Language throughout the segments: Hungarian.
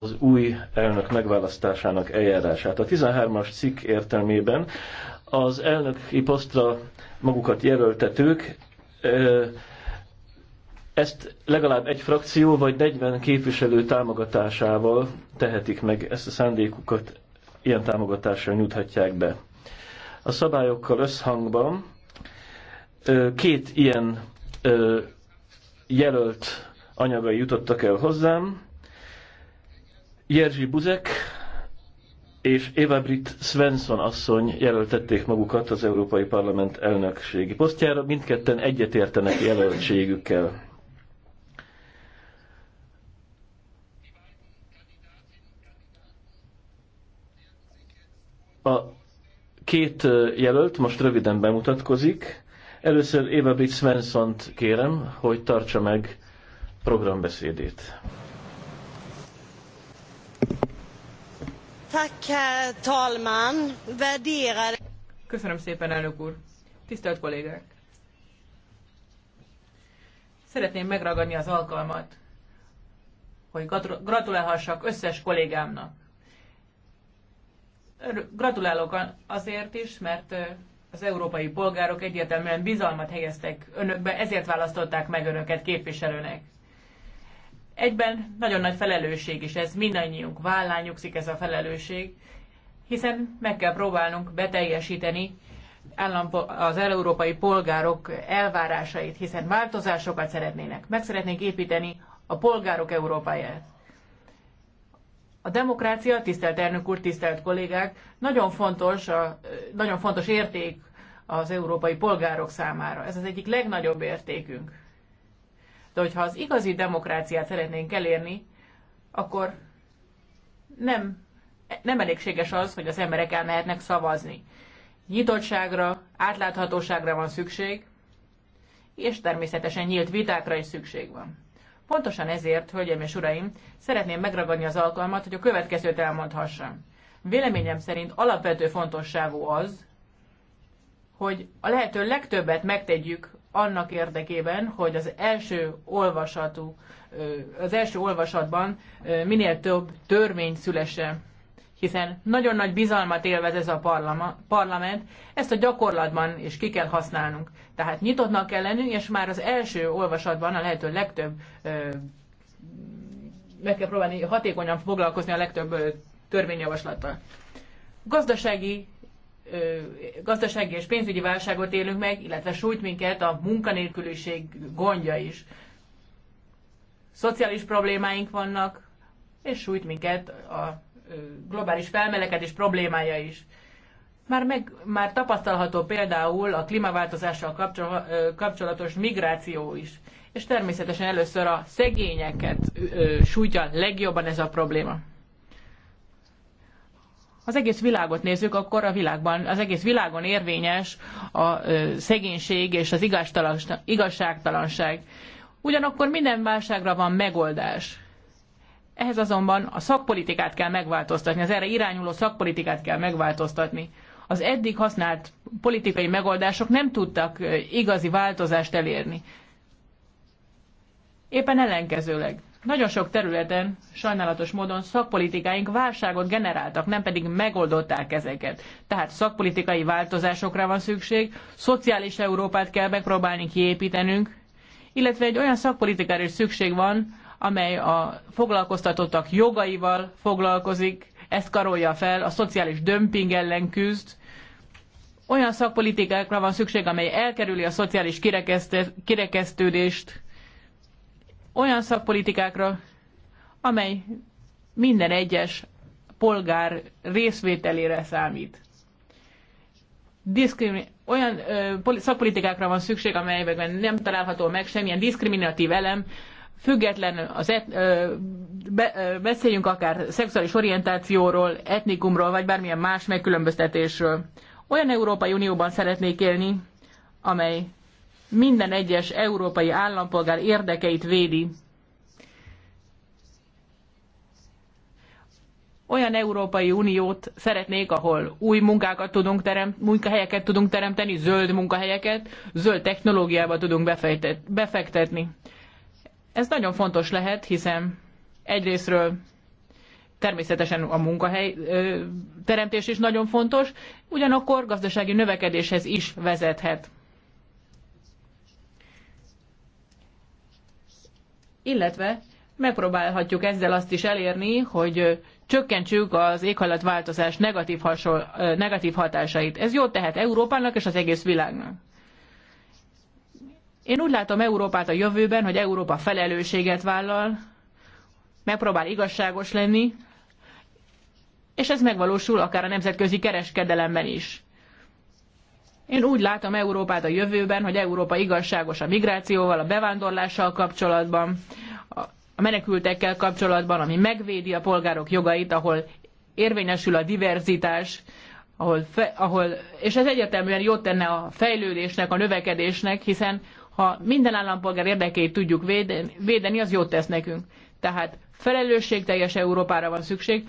az új elnök megválasztásának eljárását. A 13-as cikk értelmében az elnöki posztra magukat jelöltetők ezt legalább egy frakció vagy 40 képviselő támogatásával tehetik meg, ezt a szándékukat ilyen támogatással nyújthatják be. A szabályokkal összhangban két ilyen jelölt anyagai jutottak el hozzám, Jerzy Buzek és Eva Britt Svensson asszony jelöltették magukat az Európai Parlament elnökségi posztjára, mindketten egyetértenek jelöltségükkel. A két jelölt most röviden bemutatkozik. Először Eva Britt Svenssont kérem, hogy tartsa meg programbeszédét. Köszönöm szépen, elnök úr. Tisztelt kollégák! Szeretném megragadni az alkalmat, hogy gratulálhassak összes kollégámnak. Gratulálok azért is, mert az európai polgárok egyértelműen bizalmat helyeztek önökbe, ezért választották meg önöket képviselőnek. Egyben nagyon nagy felelősség is ez, mindannyiunk vállán nyugszik ez a felelősség, hiszen meg kell próbálnunk beteljesíteni az európai polgárok elvárásait, hiszen változásokat szeretnének. Meg szeretnénk építeni a polgárok Európáját. A demokrácia, tisztelt elnök úr, tisztelt kollégák, nagyon fontos, a, nagyon fontos érték az európai polgárok számára. Ez az egyik legnagyobb értékünk. De hogyha az igazi demokráciát szeretnénk elérni, akkor nem, nem elégséges az, hogy az emberek elmehetnek szavazni. Nyitottságra, átláthatóságra van szükség, és természetesen nyílt vitákra is szükség van. Pontosan ezért, hölgyeim és uraim, szeretném megragadni az alkalmat, hogy a következőt elmondhassam. Véleményem szerint alapvető fontosságú az, hogy a lehető legtöbbet megtegyük annak érdekében, hogy az első olvasatú, az első olvasatban minél több törvény szülessen, hiszen nagyon nagy bizalmat élvez ez a parlament, ezt a gyakorlatban is ki kell használnunk. Tehát nyitottnak kell lennünk, és már az első olvasatban a lehető legtöbb, meg kell próbálni hatékonyan foglalkozni a legtöbb törvényjavaslattal. Gazdasági gazdasági és pénzügyi válságot élünk meg, illetve sújt minket a munkanélküliség gondja is. Szociális problémáink vannak, és sújt minket a globális felmelekedés problémája is. Már, meg, már tapasztalható például a klímaváltozással kapcsolatos migráció is. És természetesen először a szegényeket sújtja legjobban ez a probléma az egész világot nézzük, akkor a világban, az egész világon érvényes a szegénység és az igazságtalanság. Ugyanakkor minden válságra van megoldás. Ehhez azonban a szakpolitikát kell megváltoztatni, az erre irányuló szakpolitikát kell megváltoztatni. Az eddig használt politikai megoldások nem tudtak igazi változást elérni. Éppen ellenkezőleg nagyon sok területen sajnálatos módon szakpolitikáink válságot generáltak, nem pedig megoldották ezeket. Tehát szakpolitikai változásokra van szükség, szociális Európát kell megpróbálni kiépítenünk, illetve egy olyan szakpolitikára is szükség van, amely a foglalkoztatottak jogaival foglalkozik, ezt karolja fel, a szociális dömping ellen küzd. Olyan szakpolitikákra van szükség, amely elkerüli a szociális kirekesztődést, olyan szakpolitikákra, amely minden egyes polgár részvételére számít. Diszkrimi- olyan ö, szakpolitikákra van szükség, amelyekben nem található meg semmilyen diszkriminatív elem, független az et, ö, be, ö, beszéljünk akár szexuális orientációról, etnikumról, vagy bármilyen más megkülönböztetésről. Olyan Európai Unióban szeretnék élni, amely minden egyes európai állampolgár érdekeit védi. Olyan Európai Uniót szeretnék, ahol új munkákat tudunk terem, munkahelyeket tudunk teremteni, zöld munkahelyeket, zöld technológiába tudunk befektetni. Ez nagyon fontos lehet, hiszen egyrésztről természetesen a munkahely teremtés is nagyon fontos, ugyanakkor gazdasági növekedéshez is vezethet. illetve megpróbálhatjuk ezzel azt is elérni, hogy csökkentsük az éghajlatváltozás negatív, hasol, negatív hatásait. Ez jót tehet Európának és az egész világnak. Én úgy látom Európát a jövőben, hogy Európa felelősséget vállal, megpróbál igazságos lenni, és ez megvalósul akár a nemzetközi kereskedelemben is. Én úgy látom Európát a jövőben, hogy Európa igazságos a migrációval, a bevándorlással kapcsolatban, a menekültekkel kapcsolatban, ami megvédi a polgárok jogait, ahol érvényesül a diverzitás, ahol, fe, ahol, és ez egyértelműen jót tenne a fejlődésnek, a növekedésnek, hiszen ha minden állampolgár érdekeit tudjuk védeni, védeni, az jót tesz nekünk. Tehát felelősségteljes Európára van szükség,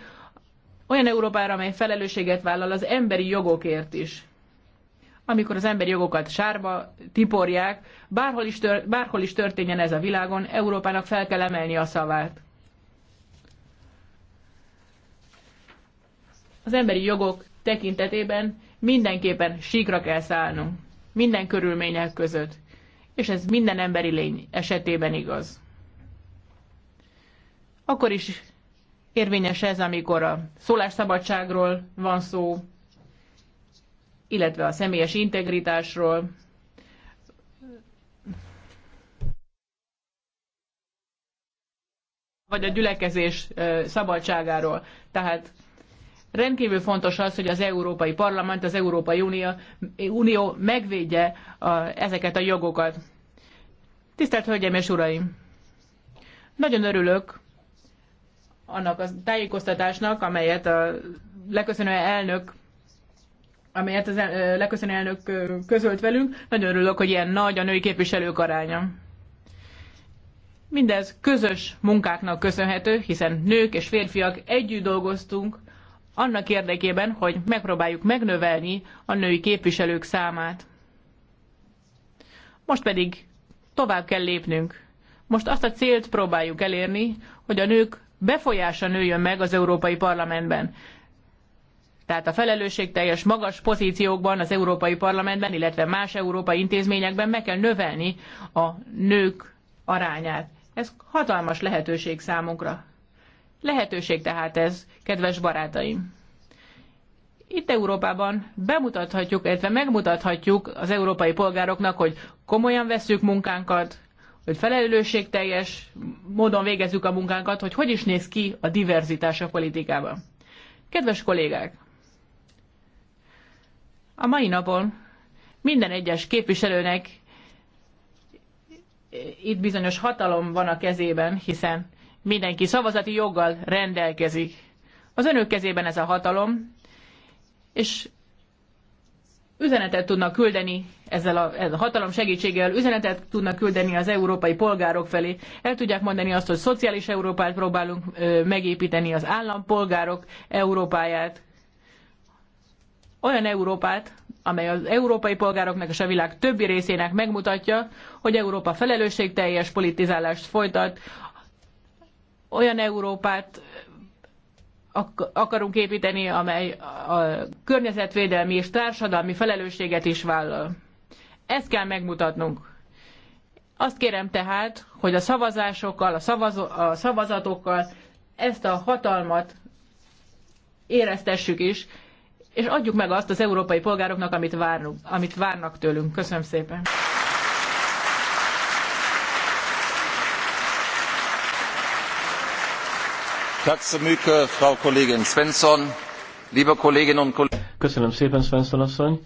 olyan Európára, amely felelősséget vállal az emberi jogokért is amikor az emberi jogokat sárba tiporják, bárhol is, tör, bárhol is történjen ez a világon, Európának fel kell emelni a szavát. Az emberi jogok tekintetében mindenképpen síkra kell szállnunk, minden körülmények között, és ez minden emberi lény esetében igaz. Akkor is érvényes ez, amikor a szólásszabadságról van szó, illetve a személyes integritásról. vagy a gyülekezés szabadságáról. Tehát rendkívül fontos az, hogy az Európai Parlament, az Európai Unió, Unió megvédje a, ezeket a jogokat. Tisztelt Hölgyeim és Uraim! Nagyon örülök annak a tájékoztatásnak, amelyet a leköszönő elnök amelyet az el, leköszönő elnök közölt velünk. Nagyon örülök, hogy ilyen nagy a női képviselők aránya. Mindez közös munkáknak köszönhető, hiszen nők és férfiak együtt dolgoztunk annak érdekében, hogy megpróbáljuk megnövelni a női képviselők számát. Most pedig tovább kell lépnünk. Most azt a célt próbáljuk elérni, hogy a nők befolyása nőjön meg az Európai Parlamentben. Tehát a felelősségteljes magas pozíciókban az Európai Parlamentben, illetve más európai intézményekben meg kell növelni a nők arányát. Ez hatalmas lehetőség számunkra. Lehetőség tehát ez, kedves barátaim. Itt Európában bemutathatjuk, illetve megmutathatjuk az európai polgároknak, hogy komolyan vesszük munkánkat, hogy felelősségteljes módon végezzük a munkánkat, hogy hogy is néz ki a diverzitás a politikában. Kedves kollégák! A mai napon minden egyes képviselőnek itt bizonyos hatalom van a kezében, hiszen mindenki szavazati joggal rendelkezik. Az önök kezében ez a hatalom, és üzenetet tudnak küldeni ezzel a, ez a hatalom segítségével, üzenetet tudnak küldeni az európai polgárok felé. El tudják mondani azt, hogy szociális Európát próbálunk ö, megépíteni, az állampolgárok Európáját olyan Európát, amely az európai polgároknak és a világ többi részének megmutatja, hogy Európa felelősségteljes politizálást folytat, olyan Európát akarunk építeni, amely a környezetvédelmi és társadalmi felelősséget is vállal. Ezt kell megmutatnunk. Azt kérem tehát, hogy a szavazásokkal, a, szavazo- a szavazatokkal ezt a hatalmat éreztessük is, és adjuk meg azt az európai polgároknak, amit, várnunk, amit várnak tőlünk. Köszönöm szépen! Köszönöm szépen, Svensson asszony!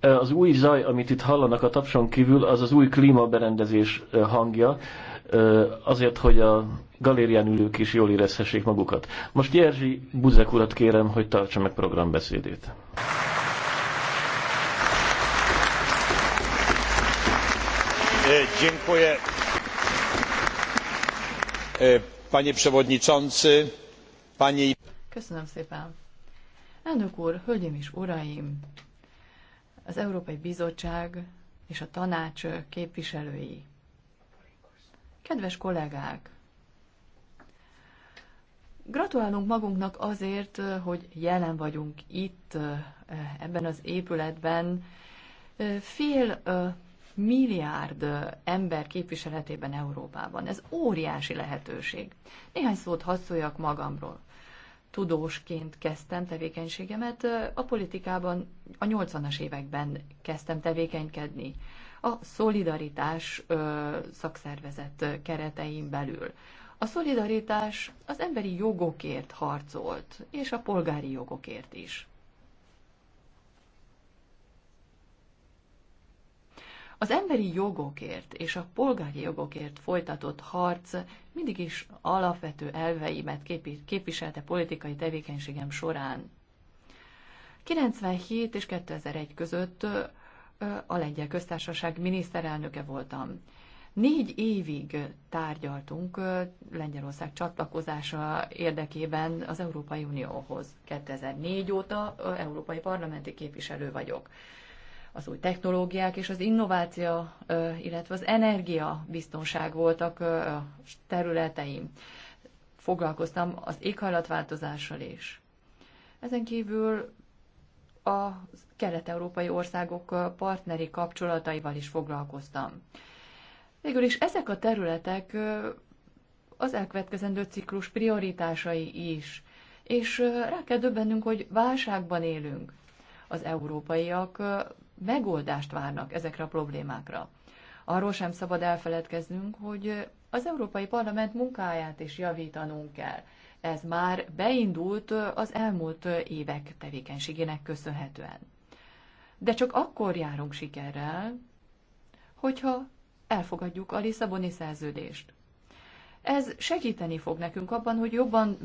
Az új zaj, amit itt hallanak a tapson kívül, az az új klímaberendezés eh, hangja azért, hogy a galérián ülők is jól érezhessék magukat. Most Jerzy Buzek urat kérem, hogy tartsa meg programbeszédét. E, dziękuję. E, panie przewodniczący, panie... Köszönöm szépen. Elnök úr, hölgyeim és uraim, az Európai Bizottság és a tanács képviselői. Kedves kollégák! Gratulálunk magunknak azért, hogy jelen vagyunk itt, ebben az épületben. Fél milliárd ember képviseletében Európában. Ez óriási lehetőség. Néhány szót hadd magamról. Tudósként kezdtem tevékenységemet, a politikában a 80-as években kezdtem tevékenykedni a szolidaritás szakszervezet keretein belül. A szolidaritás az emberi jogokért harcolt, és a polgári jogokért is. Az emberi jogokért és a polgári jogokért folytatott harc mindig is alapvető elveimet képviselte politikai tevékenységem során. 97 és 2001 között a lengyel köztársaság miniszterelnöke voltam. Négy évig tárgyaltunk Lengyelország csatlakozása érdekében az Európai Unióhoz. 2004 óta európai parlamenti képviselő vagyok. Az új technológiák és az innováció, illetve az energia biztonság voltak területeim. Foglalkoztam az éghajlatváltozással is. Ezen kívül a kelet-európai országok partneri kapcsolataival is foglalkoztam. Végül is ezek a területek az elkövetkezendő ciklus prioritásai is, és rá kell döbbennünk, hogy válságban élünk. Az európaiak megoldást várnak ezekre a problémákra. Arról sem szabad elfeledkeznünk, hogy az Európai Parlament munkáját is javítanunk kell ez már beindult az elmúlt évek tevékenységének köszönhetően. De csak akkor járunk sikerrel, hogyha elfogadjuk a Lisszaboni szerződést. Ez segíteni fog nekünk abban, hogy jobban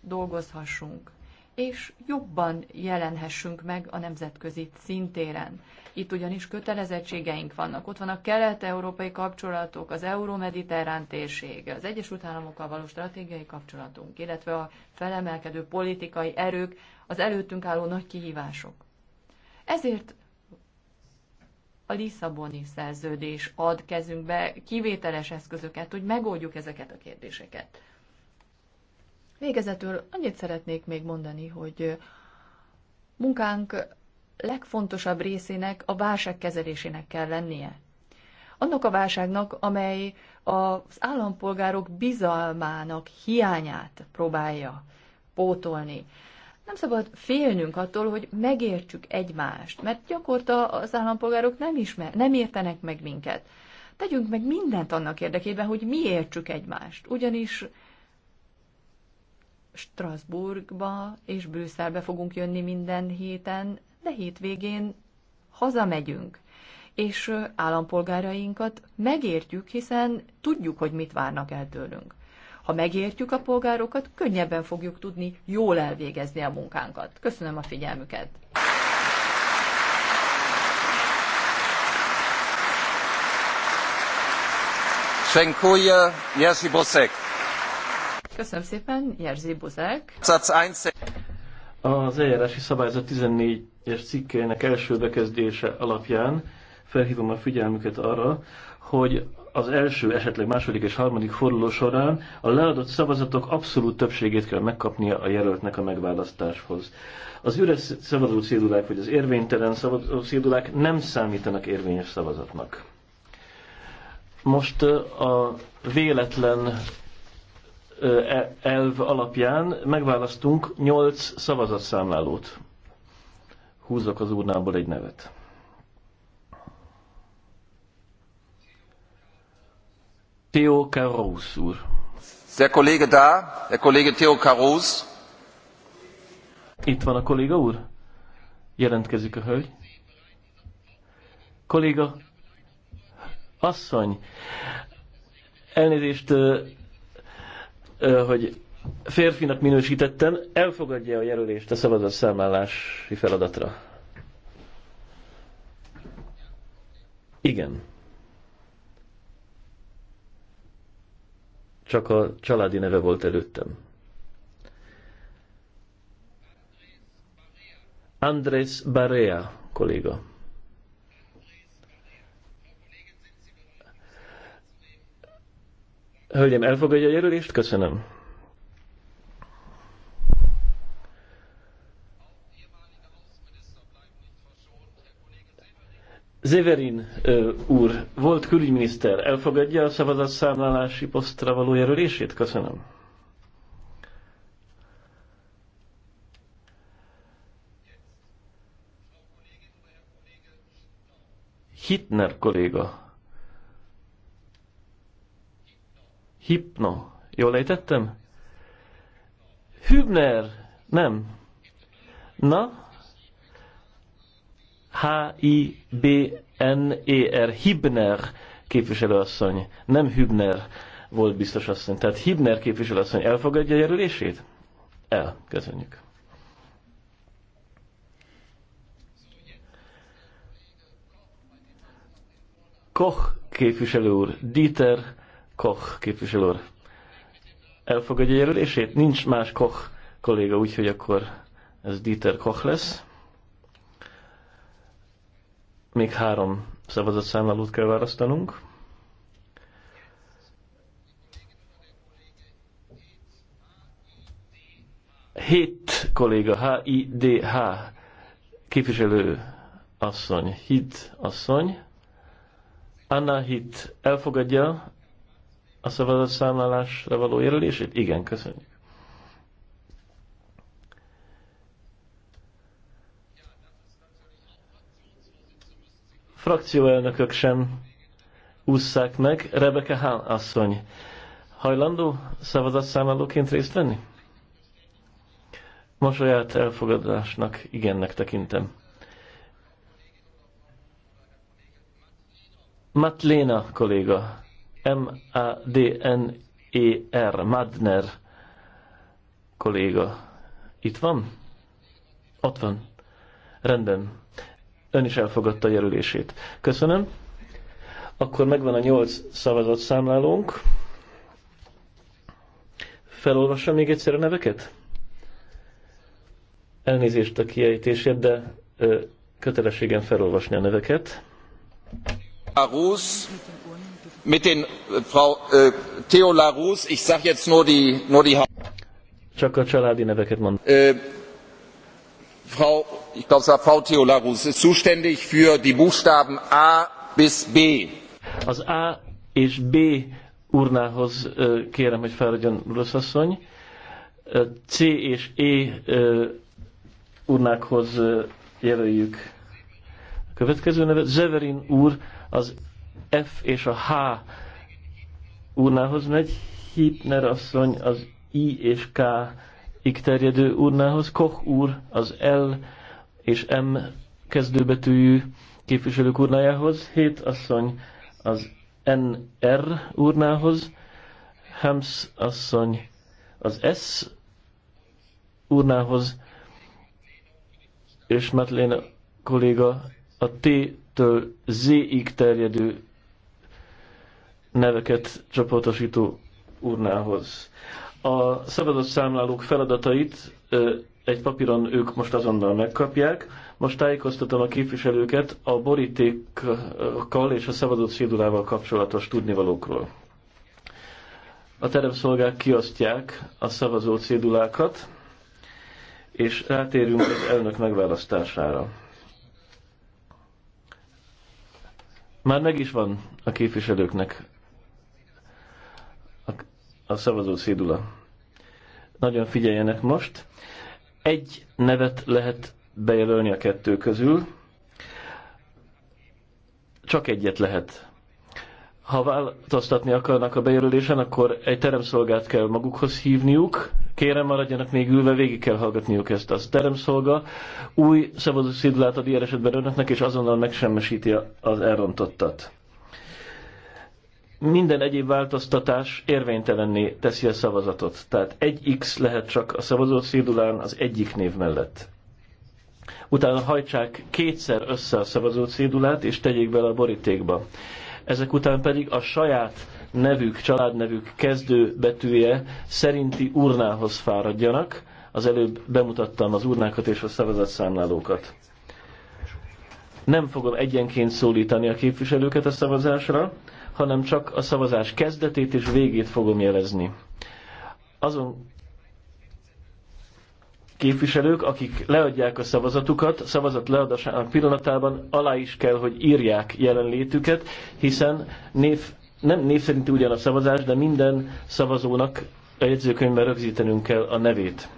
dolgozhassunk és jobban jelenhessünk meg a nemzetközi szintéren. Itt ugyanis kötelezettségeink vannak. Ott van a kelet-európai kapcsolatok, az euró-mediterrán térség, az Egyesült Államokkal való stratégiai kapcsolatunk, illetve a felemelkedő politikai erők, az előttünk álló nagy kihívások. Ezért a Lisszaboni szerződés ad kezünkbe kivételes eszközöket, hogy megoldjuk ezeket a kérdéseket. Végezetül annyit szeretnék még mondani, hogy munkánk legfontosabb részének a válság kezelésének kell lennie. Annak a válságnak, amely az állampolgárok bizalmának hiányát próbálja pótolni. Nem szabad félnünk attól, hogy megértsük egymást, mert gyakorta az állampolgárok nem, ismer, nem értenek meg minket. Tegyünk meg mindent annak érdekében, hogy mi értsük egymást, ugyanis Strasbourgba és Brüsszelbe fogunk jönni minden héten, de hétvégén hazamegyünk, és állampolgárainkat megértjük, hiszen tudjuk, hogy mit várnak el tőlünk. Ha megértjük a polgárokat, könnyebben fogjuk tudni jól elvégezni a munkánkat. Köszönöm a figyelmüket! Dziękuję, Jerzy Bosek. Köszönöm szépen, Jerzy Buzek. Az eljárási szabályzat 14-es cikkének első bekezdése alapján felhívom a figyelmüket arra, hogy az első, esetleg második és harmadik forduló során a leadott szavazatok abszolút többségét kell megkapnia a jelöltnek a megválasztáshoz. Az üres szavazó cédulák vagy az érvénytelen szavazó cédulák nem számítanak érvényes szavazatnak. Most a véletlen E, elv alapján megválasztunk 8 szavazatszámlálót. Húzzak az urnából egy nevet. Theo Karous úr. Der Kollege da, der Kollege Theo Karous. Itt van a kolléga úr? Jelentkezik a hölgy. Kolléga, asszony, elnézést, hogy férfinak minősítetten, elfogadja a jelölést a számlálási feladatra. Igen. Csak a családi neve volt előttem. Andrés Barea kolléga. Hölgyem, elfogadja a jelölést? Köszönöm. Zeverin ö, úr, volt külügyminiszter, elfogadja a szavazatszámlálási posztra való jelölését? Köszönöm. Hitner kolléga. Hipno. Jól ejtettem? Hübner. Nem. Na? H-I-B-N-E-R. Hibner képviselőasszony. Nem Hübner volt biztos asszony. Tehát Hibner képviselőasszony elfogadja a jelölését? El. Köszönjük. Koch képviselő úr, Dieter Koch képviselő elfogadja elfogadja jelölését. Nincs más Koch kolléga, úgyhogy akkor ez Dieter Koch lesz. Még három szavazatszámlálót kell választanunk. Hét kolléga, H-I-D-H, képviselő asszony, Hit asszony. Anna Hit elfogadja a szavazatszámlálásra való jelölését? Igen, köszönjük. Frakcióelnökök sem ússzák meg. Rebeke Hán asszony hajlandó szavazatszámlálóként részt venni? Mosolyát elfogadásnak igennek tekintem. Matléna kolléga M-A-D-N-E-R, Madner kolléga. Itt van? Ott van. Rendben. Ön is elfogadta a jelölését. Köszönöm. Akkor megvan a nyolc számlálónk. Felolvassam még egyszer a neveket? Elnézést a kiejtésért, de ö, kötelességem felolvasni a neveket. Arus, mit den äh, Frau äh, Theo Larus, ich sage jetzt nur die, nur die Csak a családi neveket mond. Äh, Frau, ich glaube, es war Frau Theo Larus, ist zuständig für die Buchstaben A bis B. Az A és B urnához kérem, hogy feladjon Rossz asszony. C és E urnákhoz jelöljük a következő nevet. Zeverin úr az F és a H urnához megy, Hitner asszony az I és K ig terjedő urnához, Koch úr az L és M kezdőbetűjű képviselők urnájához, Hét asszony az NR urnához, Hems asszony az S urnához, és Matlén kolléga a T-től Z-ig terjedő neveket csoportosító urnához. A szabadott számlálók feladatait egy papíron ők most azonnal megkapják. Most tájékoztatom a képviselőket a borítékkal és a szabadott szédulával kapcsolatos tudnivalókról. A teremszolgák kiosztják a szavazó cédulákat, és rátérünk az elnök megválasztására. Már meg is van a képviselőknek a szavazó szédula. Nagyon figyeljenek most. Egy nevet lehet bejelölni a kettő közül. Csak egyet lehet. Ha változtatni akarnak a bejelölésen, akkor egy teremszolgát kell magukhoz hívniuk. Kérem, maradjanak még ülve, végig kell hallgatniuk ezt. Az teremszolga új szavazó szidlát ad ilyen esetben önöknek, és azonnal megsemmisíti az elrontottat minden egyéb változtatás érvénytelenné teszi a szavazatot. Tehát egy X lehet csak a szavazó cédulán az egyik név mellett. Utána hajtsák kétszer össze a szavazó cédulát, és tegyék bele a borítékba. Ezek után pedig a saját nevük, családnevük kezdő betűje szerinti urnához fáradjanak. Az előbb bemutattam az urnákat és a szavazatszámlálókat. Nem fogom egyenként szólítani a képviselőket a szavazásra, hanem csak a szavazás kezdetét és végét fogom jelezni. Azon képviselők, akik leadják a szavazatukat, szavazat leadásának pillanatában alá is kell, hogy írják jelenlétüket, hiszen név, nem név szerinti ugyan a szavazás, de minden szavazónak a jegyzőkönyvben rögzítenünk kell a nevét.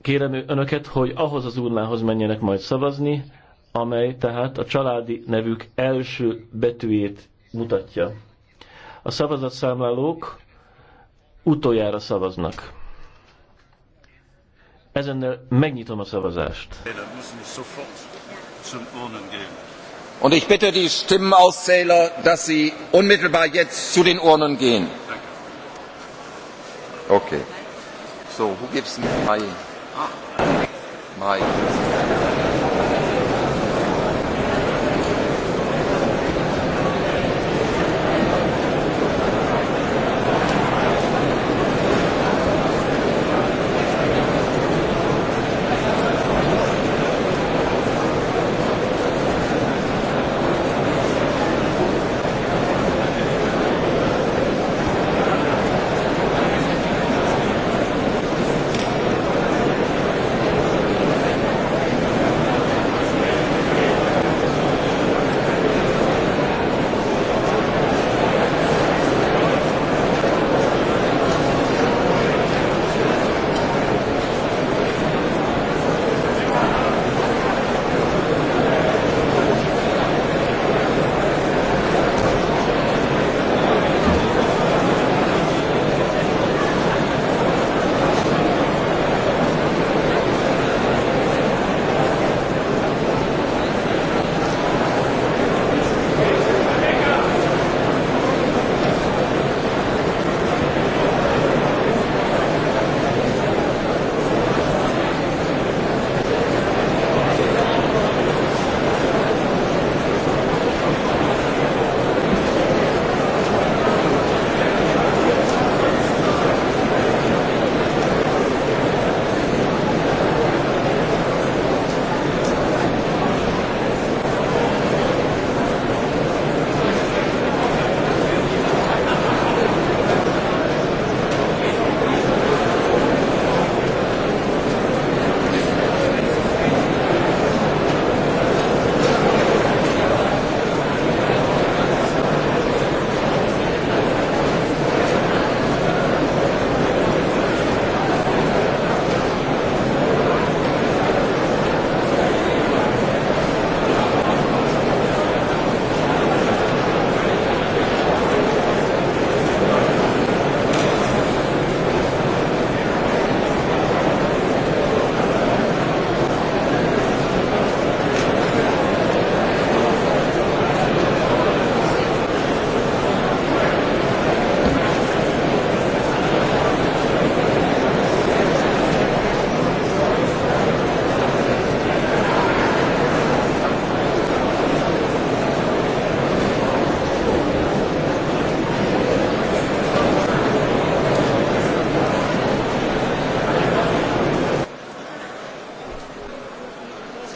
Kérem önöket, hogy ahhoz az urnához menjenek majd szavazni, amely tehát a családi nevük első betűjét mutatja. A szavazatszámlálók utoljára szavaznak. Ezennel megnyitom a szavazást. Und ich bitte die Stimmenauszähler, dass sie unmittelbar jetzt zu den Urnen gehen. Okay. So, wo gibt's Mai? Mai.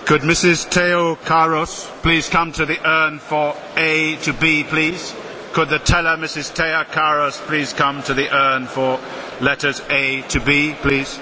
Could Mrs. Teo Karos please come to the urn for A to B, please? Could the teller, Mrs. Teo Karos, please come to the urn for letters A to B, please?